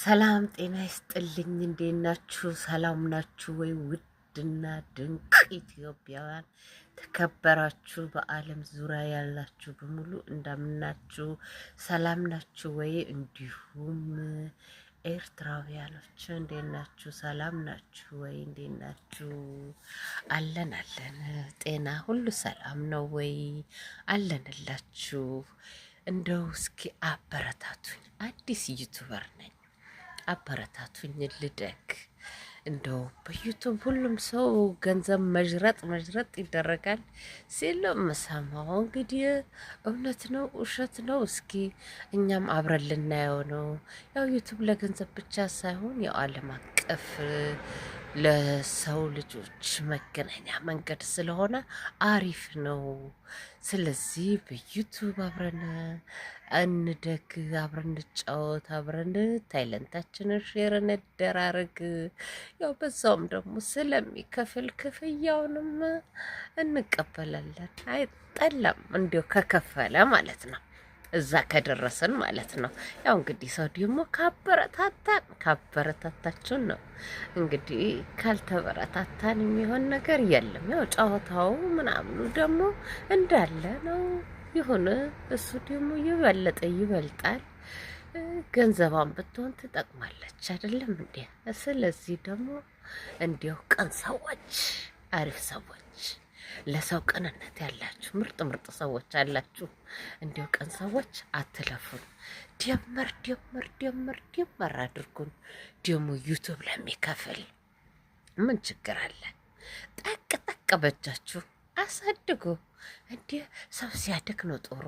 ሰላም ጤና ይስጥልኝ። እንዴት ናችሁ? ሰላም ናችሁ ወይ? ውድና ድንቅ ኢትዮጵያውያን ተከበራችሁ፣ በዓለም ዙሪያ ያላችሁ በሙሉ እንደምናችሁ፣ ሰላም ናችሁ ወይ? እንዲሁም ኤርትራውያኖች እንዴት ናችሁ? ሰላም ናችሁ ወይ? እንዴት ናችሁ? አለን አለን፣ ጤና ሁሉ ሰላም ነው ወይ? አለንላችሁ። እንደው እስኪ አበረታቱኝ፣ አዲስ ዩቱበር ነኝ አበረታቱኝ ልደግ። እንደው በዩቱብ ሁሉም ሰው ገንዘብ መዥረጥ መዥረጥ ይደረጋል ሲል የምሰማው እንግዲህ እውነት ነው ውሸት ነው? እስኪ እኛም አብረን ልናየው ነው። ያው ዩቱብ ለገንዘብ ብቻ ሳይሆን ያው አለም አቀፍ ለሰው ልጆች መገናኛ መንገድ ስለሆነ አሪፍ ነው። ስለዚህ በዩቱብ አብረን እንደግ፣ አብረን እንጫወት፣ አብረን ታይለንታችንን ሼር እንደራርግ። ያው በዛውም ደግሞ ስለሚከፍል ክፍያውንም እንቀበላለን። አይጠላም እንዲያው ከከፈለ ማለት ነው። እዛ ከደረሰን ማለት ነው። ያው እንግዲህ ሰው ደግሞ ካበረታታን ካበረታታችን ነው እንግዲህ ካልተበረታታን የሚሆን ነገር የለም። ያው ጨዋታው ምናምኑ ደግሞ እንዳለ ነው። ይሁን እሱ ደግሞ የበለጠ ይበልጣል። ገንዘቧን ብትሆን ትጠቅማለች አይደለም እንዴ? ስለዚህ ደግሞ እንዲያው ቀን ሰዎች አሪፍ ሰዎች ለሰው ቅንነት ያላችሁ ምርጥ ምርጥ ሰዎች አላችሁ። እንዲሁ ቀን ሰዎች አትለፉን። ደመር ደመር ደመር ደመር አድርጉን። ደግሞ ዩቱብ ለሚከፍል ምን ችግር አለ? ጠቅ ጠቅ በጃችሁ አሳድጉ። እንዲህ ሰው ሲያድግ ነው ጥሩ።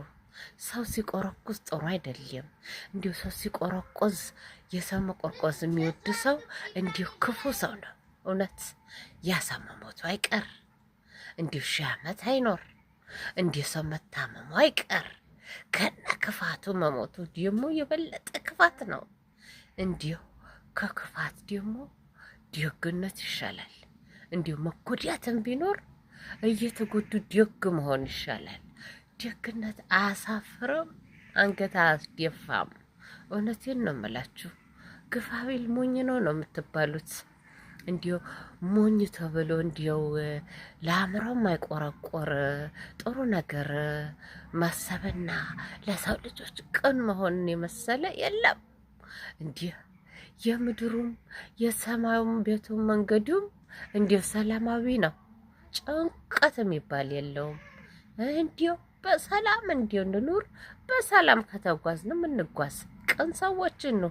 ሰው ሲቆረቁዝ ጥሩ አይደለም። እንዲሁ ሰው ሲቆረቆዝ የሰው መቆርቆዝ የሚወድ ሰው እንዲሁ ክፉ ሰው ነው። እውነት ያሳመሞቱ አይቀር እንዲህ ሺህ ዓመት አይኖር፣ እንዲህ ሰው መታመሙ አይቀር። ከነ ክፋቱ መሞቱ ደግሞ የበለጠ ክፋት ነው። እንዲሁ ከክፋት ደግሞ ደግነት ይሻላል። እንዲሁ መጎዳትም ቢኖር እየተጎዱ ደግ መሆን ይሻላል። ደግነት አያሳፍርም፣ አንገት አያስደፋም። እውነቴን ነው የምላችሁ። ግፋቢል ሞኝ ነው ነው የምትባሉት። እንዲው ሞኝ ተብሎ እንዲው ለአእምሮም ማይቆረቆር ጥሩ ነገር ማሰብና ለሰው ልጆች ቅን መሆንን የመሰለ የለም። እንዲህ የምድሩም የሰማዩም ቤቱም መንገዱም እንዲሁ ሰላማዊ ነው። ጭንቀት የሚባል የለውም። እንዲሁ በሰላም እንዲሁ እንኑር። በሰላም ከተጓዝንም እንጓዝ። ቅን ሰዎችን ነው